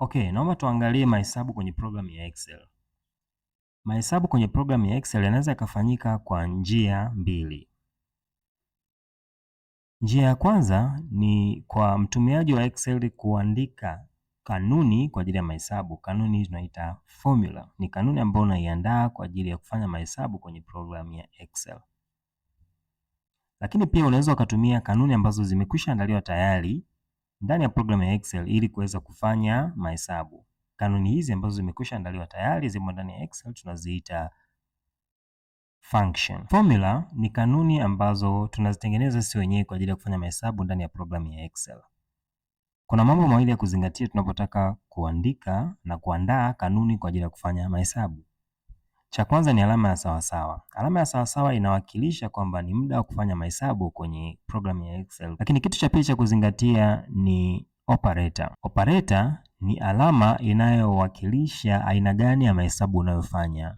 Okay, naomba tuangalie mahesabu kwenye programu ya Excel. Mahesabu kwenye programu ya Excel yanaweza yakafanyika kwa njia mbili. Njia ya kwanza ni kwa mtumiaji wa Excel kuandika kanuni kwa ajili ya mahesabu. Kanuni hii tunaita formula. Ni kanuni ambayo unaiandaa kwa ajili ya kufanya mahesabu kwenye programu ya Excel. Lakini pia unaweza ukatumia kanuni ambazo zimekwisha andaliwa tayari ndani ya programu ya excel ili kuweza kufanya mahesabu. Kanuni hizi ambazo zimekwisha andaliwa tayari zimo ndani ya excel tunaziita function. Formula ni kanuni ambazo tunazitengeneza sisi wenyewe kwa ajili ya kufanya mahesabu ndani ya programu ya excel. Kuna mambo mawili ya kuzingatia tunapotaka kuandika na kuandaa kanuni kwa ajili ya kufanya mahesabu. Cha kwanza ni alama ya sawasawa. Alama ya sawasawa inawakilisha kwamba ni muda wa kufanya mahesabu kwenye programu ya Excel. Lakini kitu cha pili cha kuzingatia ni operator. Operator ni alama inayowakilisha aina gani ya mahesabu unayofanya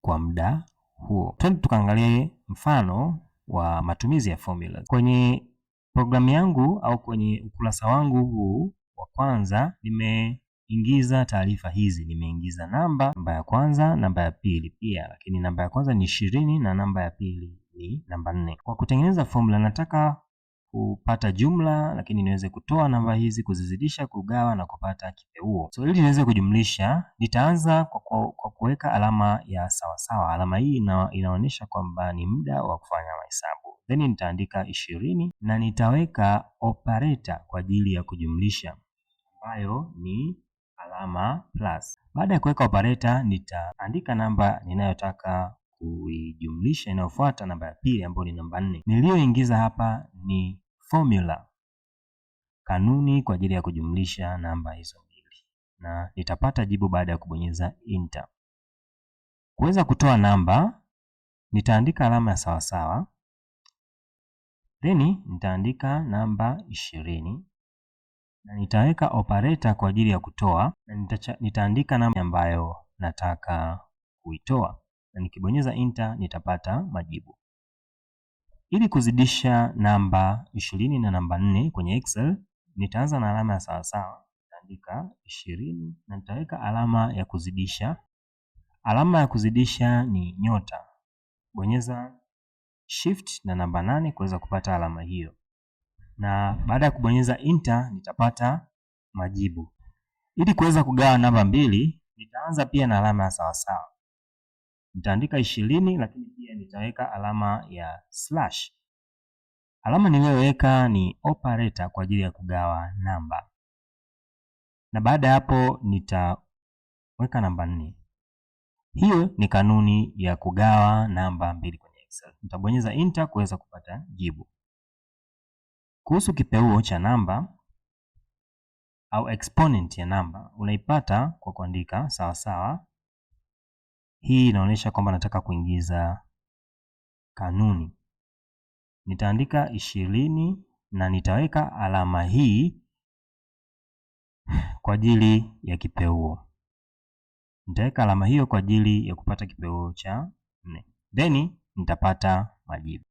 kwa muda huo. Twende tukaangalie mfano wa matumizi ya formula. Kwenye programu yangu au kwenye ukurasa wangu huu wa kwanza nime ingiza taarifa hizi. Nimeingiza namba, namba ya kwanza, namba ya pili pia, lakini namba ya kwanza ni ishirini na namba ya pili ni namba nne. Kwa kutengeneza formula, nataka kupata jumla, lakini niweze kutoa namba hizi, kuzizidisha, kugawa na kupata kipeuo. So ili niweze kujumlisha, nitaanza kwa kuweka alama ya sawasawa. Alama hii ina, inaonyesha kwamba ni muda wa kufanya mahesabu, then nitaandika ishirini na nitaweka operator kwa ajili ya kujumlisha ambayo ni alama plus. Baada ya kuweka operator, nitaandika namba ninayotaka kuijumlisha inayofuata namba ya pili ambayo ni namba nne. Niliyoingiza hapa ni formula, kanuni kwa ajili ya kujumlisha namba hizo mbili, na nitapata jibu baada ya kubonyeza enter. Kuweza kutoa namba, nitaandika alama ya sawasawa, then nitaandika namba ishirini na nitaweka operator kwa ajili ya kutoa na nitaandika namba ambayo nataka kuitoa na nikibonyeza enter nitapata majibu. Ili kuzidisha namba ishirini na namba nne kwenye Excel nitaanza na alama ya sawasawa, nitaandika ishirini na nitaweka alama ya kuzidisha. Alama ya kuzidisha ni nyota, bonyeza shift na namba nane kuweza kupata alama hiyo na baada ya kubonyeza enter nitapata majibu. Ili kuweza kugawa namba mbili, nitaanza pia na alama ya sawasawa. Nitaandika ishirini, lakini pia nitaweka alama ya slash. Alama niliyoweka ni operator kwa ajili ya kugawa namba, na baada ya hapo nitaweka namba nne. Hiyo ni kanuni ya kugawa namba mbili kwenye Excel. Nitabonyeza enter kuweza kupata jibu. Kuhusu kipeuo cha namba au exponent ya namba unaipata kwa kuandika sawasawa. Hii inaonyesha kwamba nataka kuingiza kanuni. Nitaandika ishirini na nitaweka alama hii kwa ajili ya kipeuo. Nitaweka alama hiyo kwa ajili ya kupata kipeuo cha nne, then nitapata majibu.